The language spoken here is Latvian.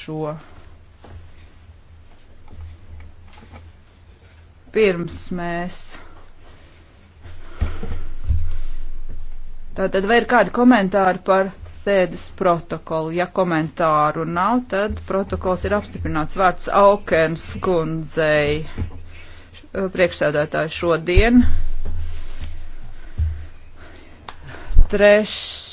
šo. Pirms mēs. Tātad vai ir kādi komentāri par sēdes protokolu? Ja komentāru nav, tad protokols ir apstiprināts vārds Aukens kundzei priekšsēdētāju šodien. Treš,